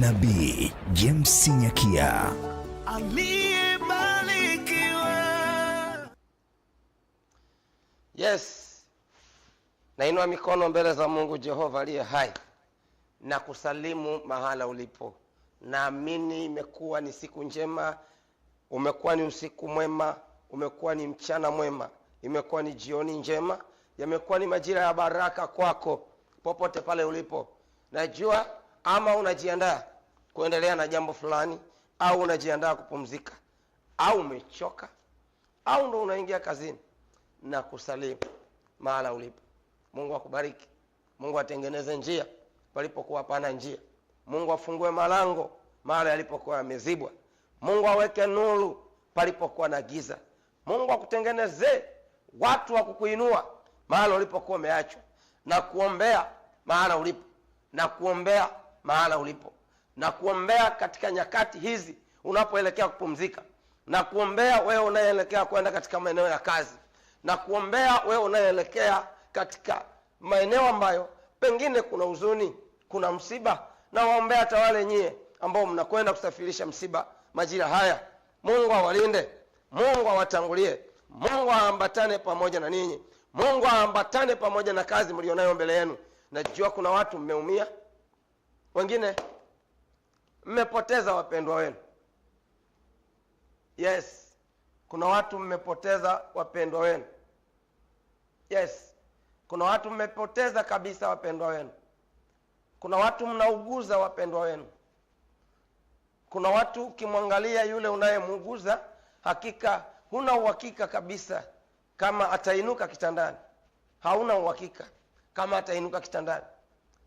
Nabii James Nyakia aliyebarikiwa. Yes, nainua mikono mbele za Mungu Jehova aliye hai na kusalimu mahala ulipo. Naamini imekuwa ni siku njema, umekuwa ni usiku mwema, umekuwa ni mchana mwema, imekuwa ni jioni njema, yamekuwa ni majira ya baraka kwako popote pale ulipo. Najua ama unajiandaa kuendelea na jambo fulani au unajiandaa kupumzika au umechoka au ndo unaingia kazini na kusalimu mahala ulipo mungu akubariki mungu atengeneze njia palipokuwa pana njia mungu afungue malango mahala yalipokuwa yamezibwa mungu aweke nuru palipokuwa na giza mungu akutengeneze watu wa kukuinua mahala ulipokuwa umeachwa na kuombea mahala ulipo na kuombea mahala ulipo na kuombea katika nyakati hizi unapoelekea kupumzika na kuombea wewe unayeelekea kwenda katika maeneo ya kazi na kuombea wewe unayeelekea katika maeneo ambayo pengine kuna huzuni kuna msiba na waombea hata wale nyie ambao mnakwenda kusafirisha msiba majira haya mungu awalinde mungu awatangulie mungu aambatane pamoja na ninyi mungu aambatane pamoja na kazi mlionayo mbele yenu najua kuna watu mmeumia wengine mmepoteza wapendwa wenu yes kuna watu mmepoteza wapendwa wenu yes kuna watu mmepoteza kabisa wapendwa wenu kuna watu mnauguza wapendwa wenu kuna watu ukimwangalia yule unayemuuguza hakika huna uhakika kabisa kama atainuka kitandani hauna uhakika kama atainuka kitandani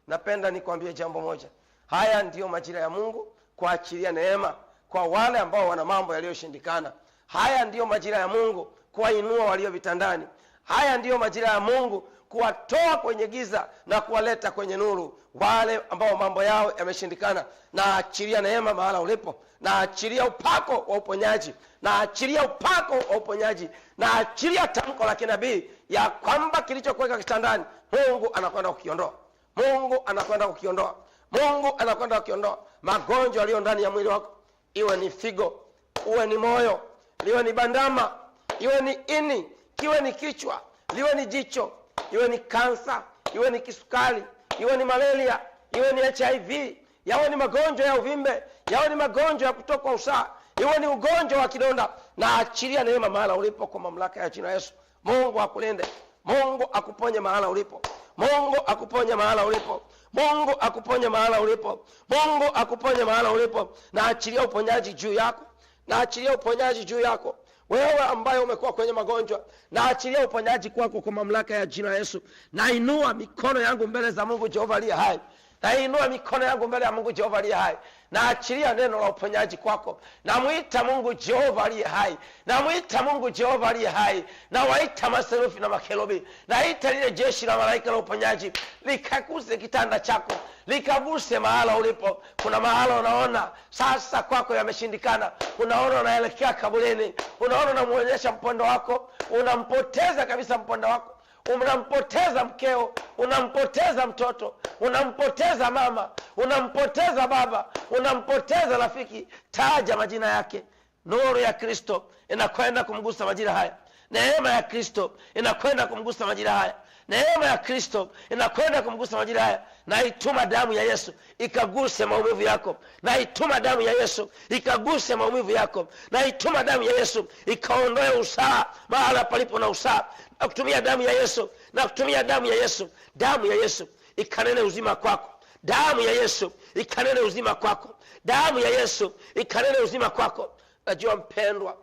napenda nikwambie jambo moja Haya ndiyo majira ya Mungu kuachilia neema kwa wale ambao wana mambo yaliyoshindikana. Haya ndiyo majira ya Mungu kuwainua walio vitandani. Haya ndiyo majira ya Mungu kuwatoa kwenye giza na kuwaleta kwenye nuru wale ambao mambo yao yameshindikana. Na achilia neema mahala ulipo, na achilia upako wa uponyaji, na achilia upako wa uponyaji, na achilia tamko la kinabii ya kwamba kilichokuweka kitandani Mungu anakwenda kukiondoa, Mungu anakwenda kukiondoa. Mungu anakwenda akiondoa magonjwa yaliyo ndani ya mwili wako, iwe ni figo, uwe ni moyo, liwe ni bandama, iwe ni ini, kiwe ni kichwa, liwe ni jicho, iwe ni kansa, iwe ni kisukari, iwe ni malaria, iwe ni HIV, yawe ni magonjwa ya uvimbe, yawe ni magonjwa ya kutokwa usaha, iwe ni ugonjwa wa kidonda, na achilia neema mahala ulipo, kwa mamlaka ya jina Yesu. Mungu akulinde, Mungu akuponye mahala ulipo, Mungu akuponye mahala ulipo. Mungu akuponye mahala ulipo, Mungu akuponye mahala ulipo. Naachilia uponyaji juu yako, naachilia uponyaji juu yako wewe ambaye umekuwa kwenye magonjwa, naachilia uponyaji kwako kwa mamlaka ya jina Yesu. Nainua mikono yangu mbele za Mungu Jehova aliye hai, nainua mikono yangu mbele ya Mungu Jehova aliye hai naachilia neno la uponyaji kwako. Namwita Mungu Jehova aliye hai, namwita Mungu Jehova aliye hai. Nawaita maserufi na makerubi, naita lile jeshi la malaika la uponyaji likaguse kitanda chako, likaguse mahala ulipo. Kuna mahala unaona sasa kwako yameshindikana, unaona unaelekea kabuleni unaona unamuonyesha mpondo wako, unampoteza kabisa mpondo wako unampoteza mkeo, unampoteza mtoto, unampoteza mama, unampoteza baba, unampoteza rafiki. Taja majina yake. Nuru ya Kristo inakwenda kumgusa majira haya. Neema ya Kristo inakwenda kumgusa majira haya. Neema ya Kristo inakwenda kumgusa majira haya. Naituma damu ya Yesu ikaguse maumivu yako. Naituma damu ya Yesu ikaguse maumivu yako. Naituma damu ya Yesu ikaondoe usaa mahala palipo na usaa akutumia damu ya yesu na kutumia damu ya yesu damu ya yesu ikanene uzima kwako damu ya yesu ikanene uzima kwako damu ya yesu ikanene uzima kwako najua mpendwa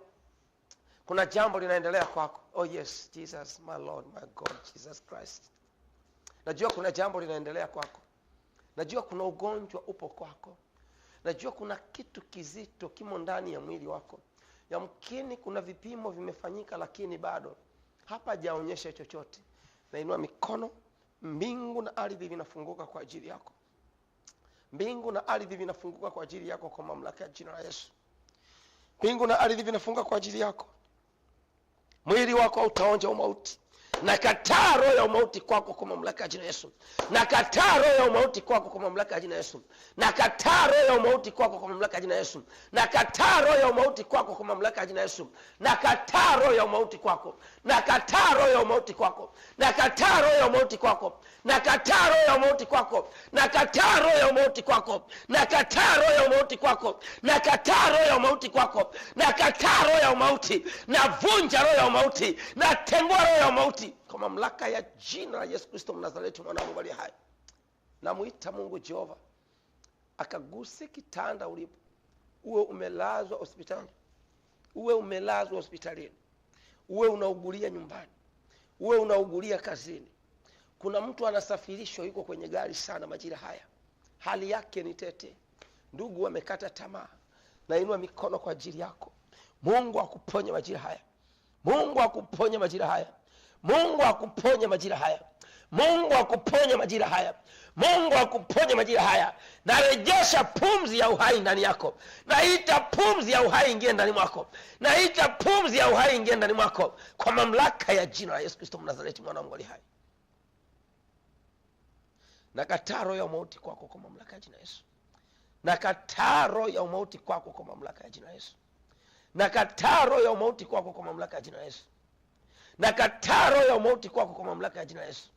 kuna jambo linaendelea kwako oh yes jesus my lord my god jesus christ najua kuna jambo linaendelea kwako najua kuna ugonjwa upo kwako najua kuna kitu kizito kimo ndani ya mwili wako yamkini kuna vipimo vimefanyika lakini bado hapa jaonyesha chochote. Nainua mikono, mbingu na ardhi vinafunguka kwa ajili yako, mbingu na ardhi vinafunguka kwa ajili yako, kwa mamlaka ya jina la Yesu. Mbingu na ardhi vinafunguka kwa ajili yako, mwili wako utaonja umauti nakataa roho ya umauti kwako kwa mamlaka ya jina yesu nakataa roho ya umauti kwako kwa mamlaka ya jina yesu nakataa roho ya umauti kwako kwa mamlaka ya jina yesu nakataa roho ya umauti kwako kwa mamlaka ya jina yesu nakataa roho ya umauti kwako nakataa roho ya umauti kwako nakataa roho ya umauti kwako nakataa roho ya umauti kwako nakataa roho ya umauti kwako nakataa roho ya umauti kwako nakataa roho ya umauti kwako nakataa roho ya umauti navunja roho ya umauti natengua roho ya umauti kwa mamlaka ya jina la Yesu Kristo Mnazareti, mwana wa Mungu aliye hai, namwita Mungu Jehova akaguse kitanda ulipo, uwe umelazwa hospitali, uwe umelazwa hospitalini, uwe unaugulia nyumbani, uwe unaugulia kazini. Kuna mtu anasafirishwa, yuko kwenye gari sana majira haya, hali yake ni tete, ndugu wamekata tamaa. Nainua mikono kwa ajili yako, Mungu akuponye majira haya, Mungu akuponye majira haya Mungu akuponya majira haya, Mungu akuponya majira haya, Mungu akuponya majira haya. Narejesha pumzi ya uhai ndani yako, naita pumzi ya uhai ingie ndani mwako, naita pumzi ya uhai ingie ndani mwako kwa mamlaka ya jina la Yesu Kristo Mnazareti, mwana wa Mungu hai. nakataro ya umauti kwako kwa mamlaka ya jina Yesu. nakataro ya umauti kwako kwa mamlaka ya jina Yesu. nakataro ya umauti kwako kwa mamlaka ya jina Yesu na kataa roho ya umauti kwako kwa mamlaka ya jina yesu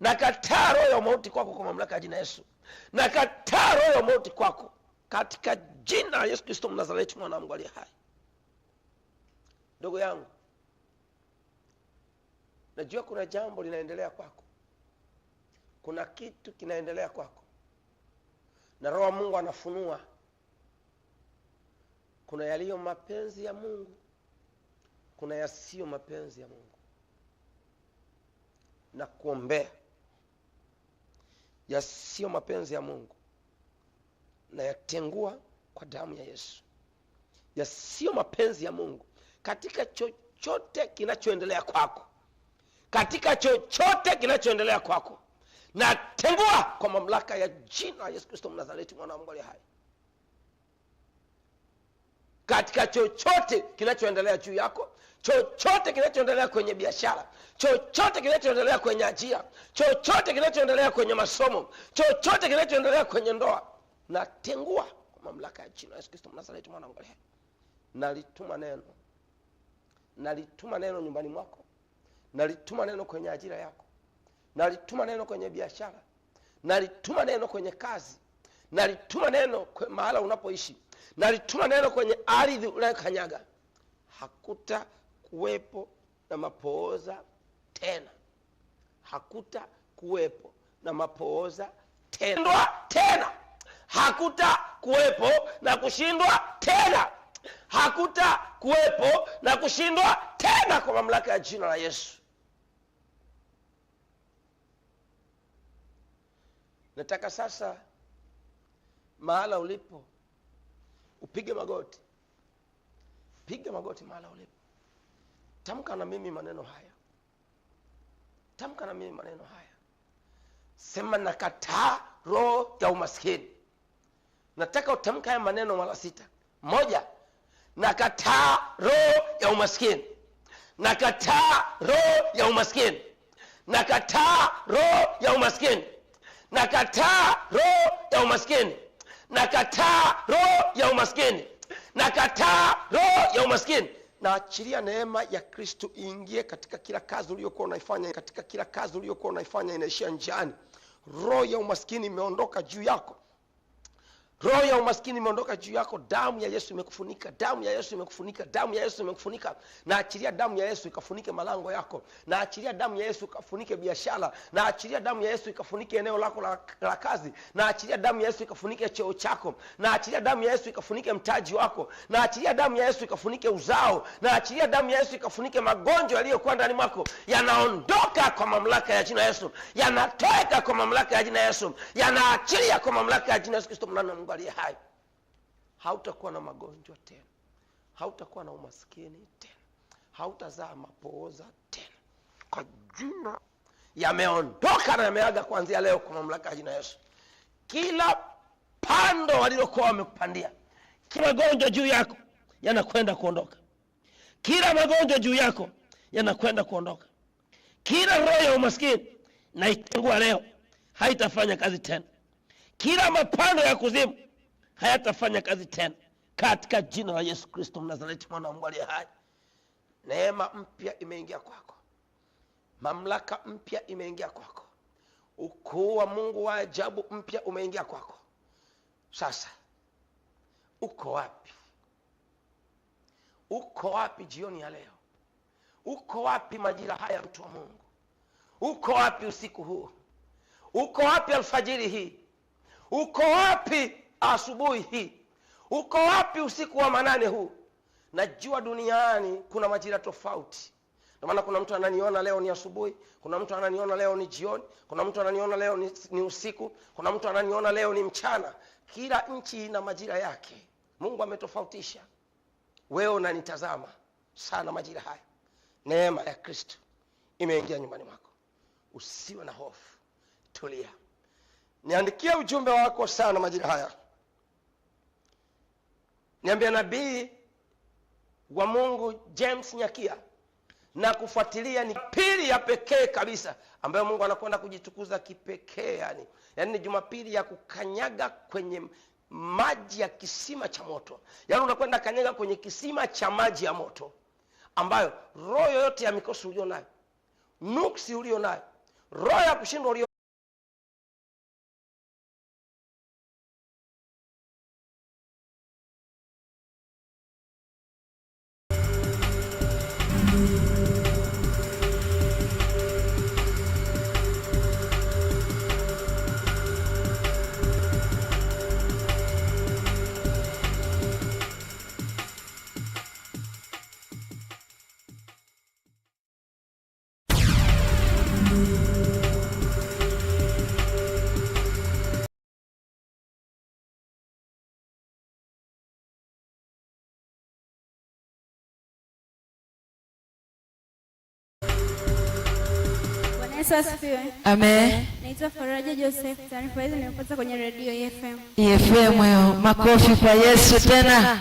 na kataa roho ya umauti kwako kwa mamlaka ya jina yesu na kataa roho ya umauti kwako katika jina la yesu kristo mnazareti mwana aliye hai ndugu yangu najua kuna jambo linaendelea kwako kuna kitu kinaendelea kwako na roho wa mungu anafunua kuna yaliyo mapenzi ya mungu kuna yasiyo mapenzi ya mungu na kuombea yasiyo mapenzi ya mungu na yatengua kwa damu ya yesu yasiyo mapenzi ya mungu katika chochote kinachoendelea kwako katika chochote kinachoendelea kwako natengua kwa mamlaka ya jina la yesu kristo mnazareti mwana wa mungu hai katika chochote kinachoendelea juu yako, chochote kinachoendelea kwenye biashara, chochote kinachoendelea kwenye ajira, chochote kinachoendelea kwenye masomo, chochote kinachoendelea kwenye ndoa, natengua kwa mamlaka ya jina Yesu Kristo Mnazareti, mwana Nalituma neno, nalituma neno nyumbani mwako, nalituma neno kwenye ajira yako, nalituma neno kwenye biashara, nalituma neno kwenye kazi, nalituma neno mahala unapoishi nalituma neno kwenye ardhi unayokanyaga hakuta kuwepo na mapooza tena hakuta kuwepo na mapooza tena tena hakuta kuwepo na kushindwa tena hakuta kuwepo na kushindwa tena kwa mamlaka ya jina la yesu nataka sasa mahala ulipo upige magoti piga magoti mahala ulipo tamka na mimi maneno haya tamka na mimi maneno haya sema nakataa roho ya umaskini nataka utamka haya maneno mara sita moja nakataa roho ya umaskini nakataa roho ya umaskini nakataa roho ya umaskini nakataa roho ya umaskini nakataa roho ya umaskini nakataa roho ya umaskini naachilia neema ya kristu iingie katika kila kazi uliokuwa unaifanya katika kila kazi uliyokuwa unaifanya inaishia njiani roho ya umaskini imeondoka juu yako roho ya umaskini imeondoka juu yako damu ya yesu imekufunika damu ya yesu imekufunika damu ya yesu imekufunika na achilia damu ya yesu ikafunike malango yako na achilia damu ya yesu ikafunike biashara na achilia damu ya yesu ikafunike eneo lako la, la kazi na achilia damu ya yesu ikafunike cheo chako na achilia damu ya yesu ikafunike mtaji wako na achilia damu ya yesu ikafunike uzao na achilia damu ya yesu ikafunike magonjwa yaliyokuwa ndani mwako yanaondoka kwa mamlaka ya jina yesu yanatoeka kwa mamlaka ya jina yesu yanaachilia kwa mamlaka ya jina yesu kristo mnana Mungu aliye hai, hautakuwa na magonjwa tena, hautakuwa na umaskini tena, hautazaa mapooza tena, kwa jina yameondoka na yameaga kuanzia leo kwa mamlaka ya jina Yesu. Kila pando walilokuwa wamekupandia, kila magonjwa juu yako yanakwenda kuondoka, kila magonjwa juu yako yanakwenda kuondoka, kila roho ya umaskini naitengua leo, haitafanya kazi tena kila mapando ya kuzimu hayatafanya kazi tena katika jina la Yesu Kristo Mnazareti, mwana wa Mungu aliye hai. Neema mpya imeingia kwako, mamlaka mpya imeingia kwako, ukuu wa Mungu wa ajabu mpya umeingia kwako. Sasa uko wapi? Uko wapi jioni ya leo? Uko wapi majira haya, mtu wa Mungu? Uko wapi usiku huu? Uko wapi alfajiri hii? uko wapi asubuhi hii uko wapi usiku wa manane huu najua duniani kuna majira tofauti ndio maana kuna mtu ananiona leo ni asubuhi kuna mtu ananiona leo ni jioni kuna mtu ananiona leo ni, ni usiku kuna mtu ananiona leo ni mchana kila nchi ina majira yake mungu ametofautisha wewe unanitazama sana majira haya neema ya kristo imeingia nyumbani mwako usiwe na hofu tulia niandikia ujumbe wako sana majira haya, niambia nabii wa Mungu James Nyakia na kufuatilia ni pili ya pekee kabisa ambayo Mungu anakwenda kujitukuza kipekee, yani yaani ni Jumapili ya kukanyaga kwenye maji ya kisima cha moto, yani unakwenda kanyaga kwenye kisima cha maji ya moto ambayo roho yoyote ya mikosi ulio nayo, nuksi ulio nayo, roho ya kushindwa ulio Yesu asifiwe. Amen. Naitwa Faraja Joseph. Taarifa hizi nimepata kwenye redio EFM. EFM hiyo. Eh, makofi kwa Yesu tena.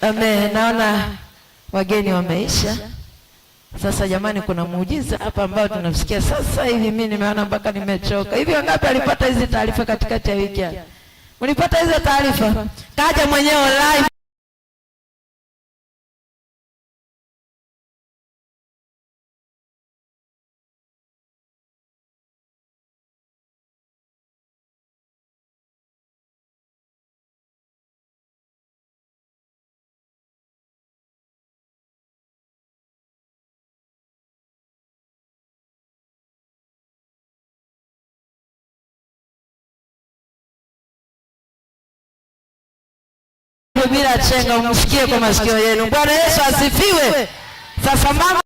Amen. Naona wageni wameisha. Sasa jamani, kuna muujiza hapa ambao tunamsikia sasa hivi. Mimi nimeona mpaka nimechoka. Hivi wangapi alipata hizi taarifa katikati ya wiki? Mlipata hizo taarifa? Kaja mwenyewe live. bila chenga, umsikie kwa masikio yenu. Bwana Yesu asifiwe. Sasa mama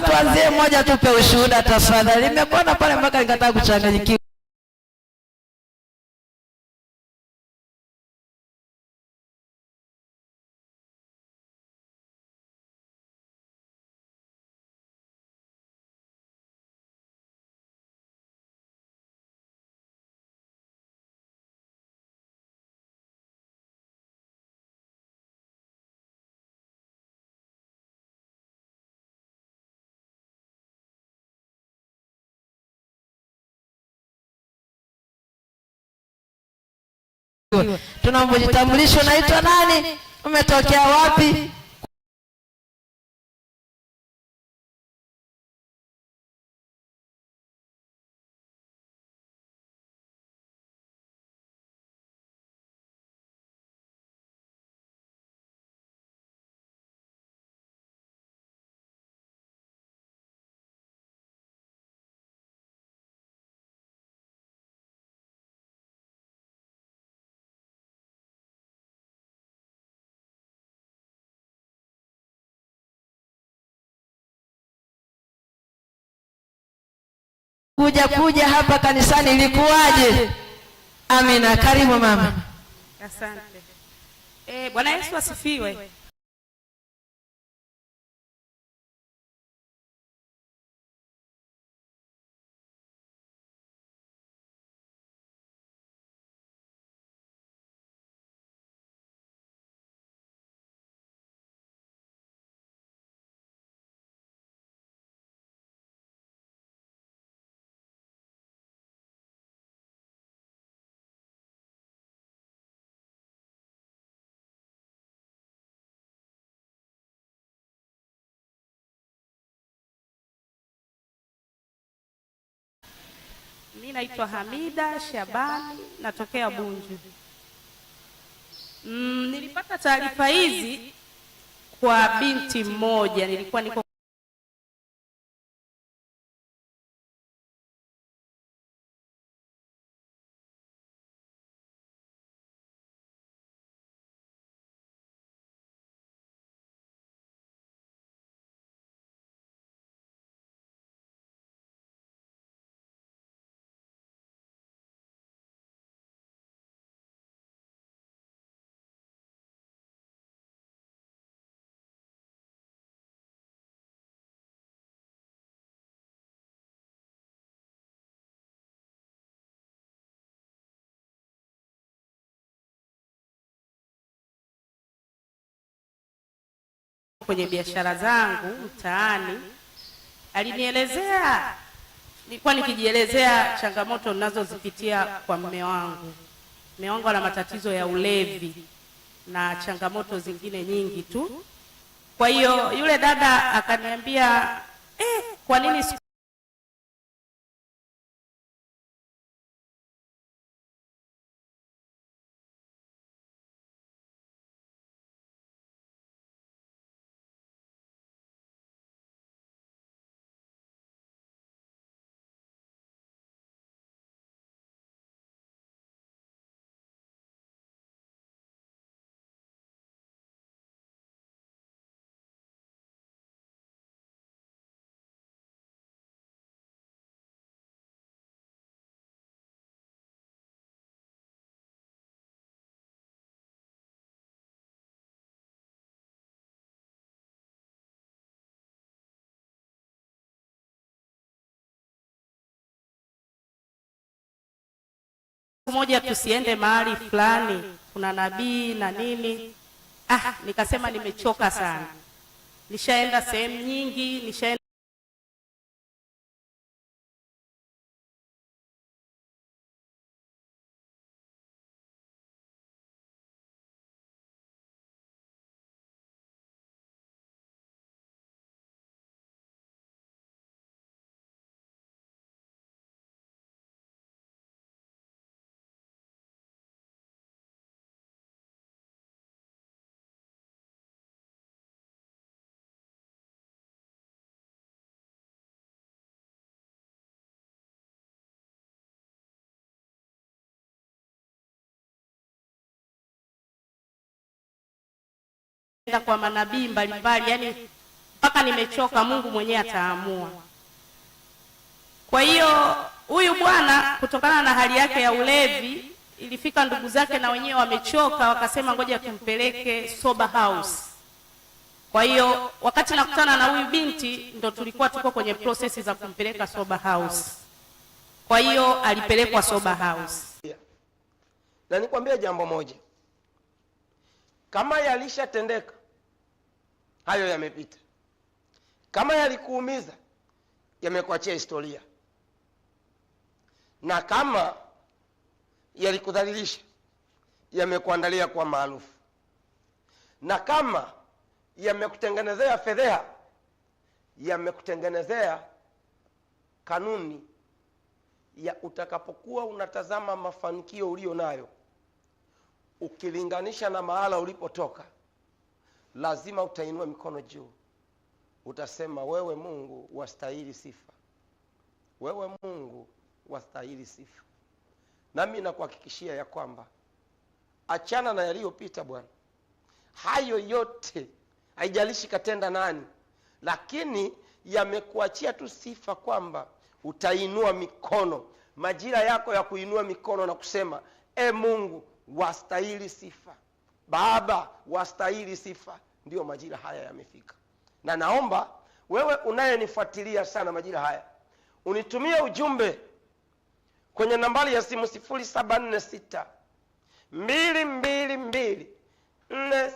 tuanzie moja, tupe ushuhuda tafadhali. Nimekuona pale mpaka nikataka kuchanganyikiwa. Tunambojitambulisho, unaitwa nani? Umetokea wapi? kuja kuja hapa kanisani ilikuwaje? Amina, karibu mama. Asante. Eh, Bwana Yesu asifiwe. Mi naitwa Hamida Shabani, natokea Bunju. Mm, nilipata taarifa hizi kwa binti mmoja, nilikuwa niko kwenye biashara zangu mtaani, alinielezea nilikuwa nikijielezea changamoto ninazozipitia kwa mme wangu. Mme wangu ana matatizo ya ulevi na changamoto zingine nyingi tu. Kwa hiyo yule dada akaniambia eh, kwa nini moja tusiende mahali fulani, kuna nabii na nini. Ah, nikasema nimechoka sana, nishaenda sehemu nyingi, nishaenda kwa manabii mbalimbali, yani mpaka nimechoka, Mungu mwenyewe ataamua. Kwa hiyo huyu bwana kutokana na hali yake ya ulevi, ilifika ndugu zake na wenyewe wamechoka, wakasema ngoja tumpeleke sober house. Kwa hiyo wakati nakutana na huyu binti, ndo tulikuwa tuko kwenye prosesi za kumpeleka sober house. Kwa hiyo alipelekwa sober house, na nikwambia jambo moja, kama yalishatendeka hayo yamepita. Kama yalikuumiza, yamekuachia historia, na kama yalikudhalilisha, yamekuandalia kwa maarufu, na kama yamekutengenezea fedheha, yamekutengenezea kanuni ya utakapokuwa unatazama mafanikio ulio nayo ukilinganisha na mahala ulipotoka lazima utainua mikono juu, utasema wewe Mungu wastahili sifa, wewe Mungu wastahili sifa. Nami nakuhakikishia ya kwamba achana na yaliyopita, Bwana, hayo yote haijalishi katenda nani, lakini yamekuachia tu sifa kwamba utainua mikono, majira yako ya kuinua mikono na kusema, e Mungu wastahili sifa. Baba wastahili sifa. Ndiyo majira haya yamefika, na naomba wewe unayenifuatilia sana majira haya unitumie ujumbe kwenye nambari ya simu sifuri 222 nne na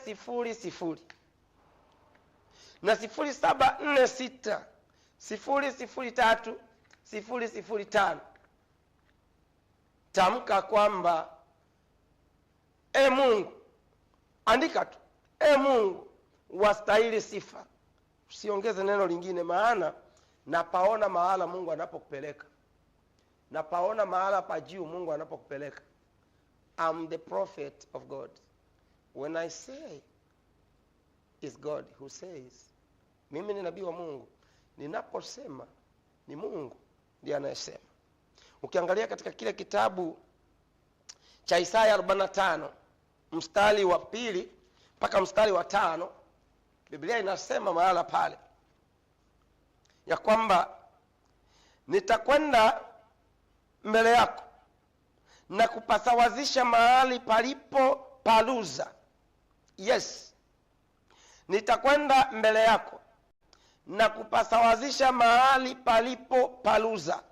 sifuri saba nne sita Tamka kwamba e Mungu andika tu, e Mungu wastahili sifa, usiongeze neno lingine, maana napaona mahala Mungu anapokupeleka, napaona mahala pa juu Mungu anapokupeleka. I'm the prophet of God when I say is God who says, mimi ni nabii wa Mungu, ninaposema ni Mungu ndiye anayesema. Ukiangalia katika kile kitabu cha Isaya 45 mstari wa pili mpaka mstari wa tano biblia inasema mahala pale ya kwamba nitakwenda mbele yako na kupasawazisha mahali palipo paluza yes nitakwenda mbele yako na kupasawazisha mahali palipo paluza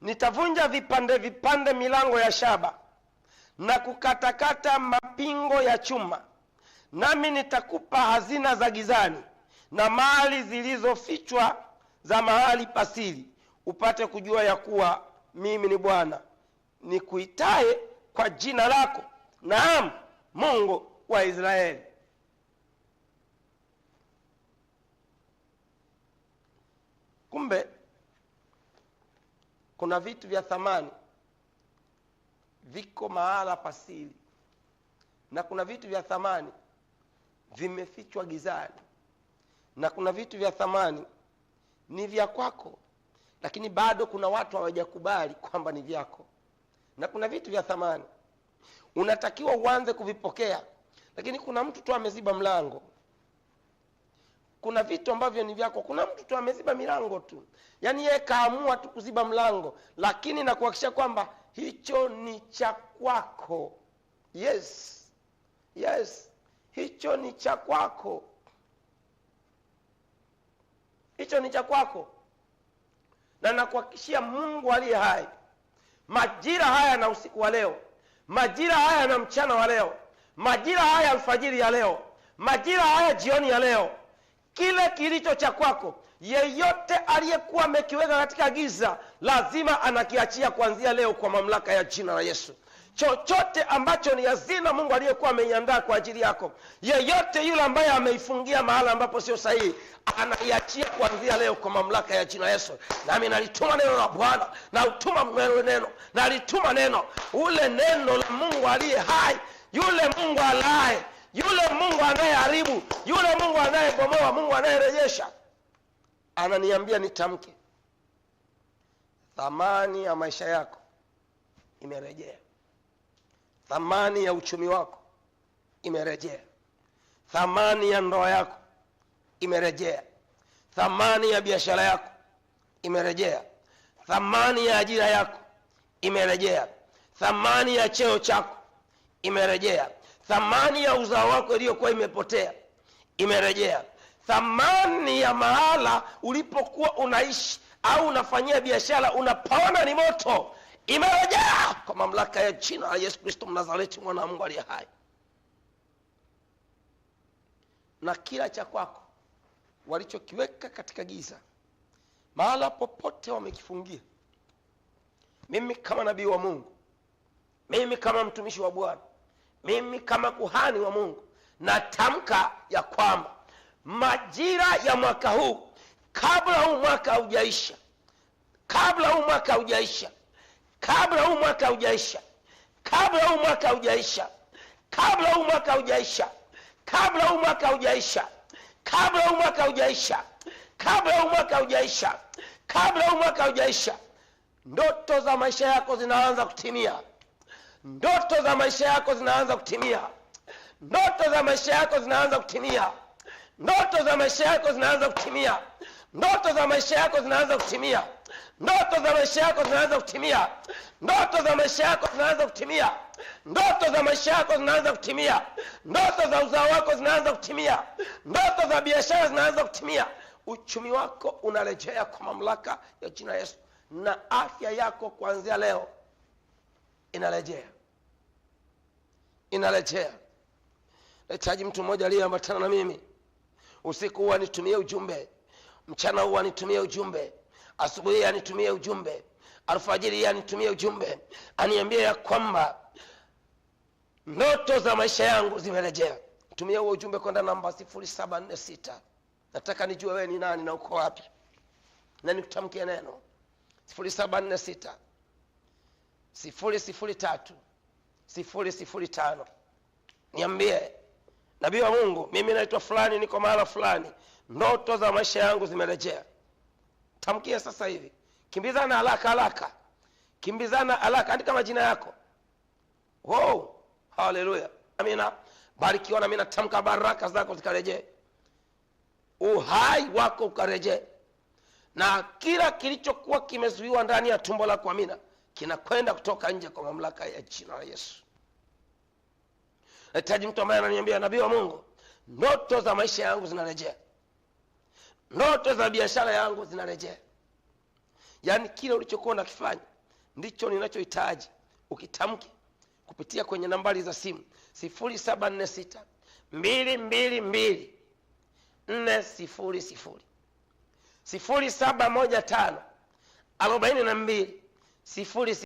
nitavunja vipande vipande milango ya shaba na kukatakata mapingo ya chuma, nami nitakupa hazina za gizani na mali zilizofichwa za mahali pasili upate kujua ya kuwa mimi ni Bwana nikuitaye kwa jina lako, naam, Mungu wa Israeli. Kumbe kuna vitu vya thamani viko mahala pasili na kuna vitu vya thamani vimefichwa gizani na kuna vitu vya thamani ni vya kwako lakini bado kuna watu hawajakubali kwamba ni vyako na kuna vitu vya thamani unatakiwa uanze kuvipokea lakini kuna mtu tu ameziba mlango kuna vitu ambavyo ni vyako. Kuna mtu tu ameziba milango tu, yaani yeye kaamua tu kuziba mlango, lakini nakuhakikisha kwamba hicho ni cha kwako. Yes, yes, hicho ni cha kwako, hicho ni cha kwako, na nakuhakikishia Mungu aliye hai, majira haya na usiku wa leo, majira haya na mchana wa leo, majira haya alfajiri ya leo, majira haya jioni ya leo kile kilicho cha kwako. Yeyote aliyekuwa amekiweka katika giza lazima anakiachia kuanzia leo kwa mamlaka ya jina la Yesu. Chochote ambacho ni hazina Mungu aliyekuwa ameiandaa kwa ajili yako, yeyote yule ambaye ameifungia mahala ambapo sio sahihi, anaiachia kuanzia leo kwa mamlaka ya jina Yesu. Nami nalituma neno la Bwana, nautuma mwewe neno, nalituma neno, ule neno la Mungu aliye hai, yule Mungu alaye yule Mungu anayeharibu, yule Mungu anayebomoa, Mungu anayerejesha, ananiambia nitamke, thamani ya maisha yako imerejea, thamani ya uchumi wako imerejea, thamani ya ndoa yako imerejea, thamani ya biashara yako imerejea, thamani ya ajira yako imerejea, thamani ya cheo chako imerejea thamani ya uzao wako iliyokuwa imepotea imerejea. Thamani ya mahala ulipokuwa unaishi au unafanyia biashara, unapona ni moto, imerejea kwa mamlaka ya jina la Yesu Kristo Mnazareti, mwana wa Mungu aliye hai. Na kila cha kwako walichokiweka katika giza, mahala popote wamekifungia, mimi kama nabii wa Mungu, mimi kama mtumishi wa Bwana mimi kama kuhani wa Mungu natamka ya kwamba majira ya mwaka huu, kabla huu mwaka haujaisha, kabla huu mwaka haujaisha, kabla huu mwaka haujaisha, kabla huu mwaka haujaisha, kabla huu mwaka haujaisha, kabla huu mwaka haujaisha, kabla huu mwaka haujaisha, kabla huu mwaka haujaisha, kabla huu mwaka haujaisha, ndoto za maisha yako zinaanza kutimia. Ndoto za maisha yako zinaanza kutimia, ndoto za maisha yako zinaanza kutimia, ndoto za maisha yako zinaanza kutimia, ndoto za maisha yako zinaanza kutimia, ndoto za maisha yako zinaanza kutimia, ndoto za maisha yako zinaanza kutimia, ndoto za maisha yako zinaanza kutimia, ndoto za uzao wako zinaanza kutimia, ndoto za biashara zinaanza kutimia, uchumi wako unarejea kwa mamlaka ya jina Yesu, na afya yako kuanzia leo inarejea inaletea nahitaji mtu mmoja aliyeambatana na mimi usiku huwa nitumie ujumbe mchana huwa nitumie ujumbe asubuhi anitumie ujumbe alfajiri anitumie ujumbe aniambie ya kwamba ndoto za maisha yangu zimerejea tumia huo ujumbe kwenda namba sifuri saba nne sita nataka nijue wewe ni nani na uko wapi na nikutamkie neno sifuri saba nne sita sifuri sifuri tatu sifuri sifuri tano niambie nabii wa mungu mimi naitwa fulani niko mahala fulani ndoto za maisha yangu zimerejea tamkia sasa hivi kimbizana haraka haraka kimbizana haraka andika majina yako wow haleluya amina barikiwa na mi natamka baraka zako zikarejee uhai wako ukarejee na kila kilichokuwa kimezuiwa ndani ya tumbo la kuamina kinakwenda kutoka nje kwa mamlaka ya jina la Yesu. Nahitaji mtu ambaye ananiambia, nabii wa Mungu, ndoto za maisha yangu zinarejea, ndoto za biashara yangu zinarejea. Yaani kile ulichokuwa unakifanya ndicho ninachohitaji ukitamke kupitia kwenye nambari za simu sifuri saba nne sita mbili mbili sifuri saba moja tano na mbili sifuri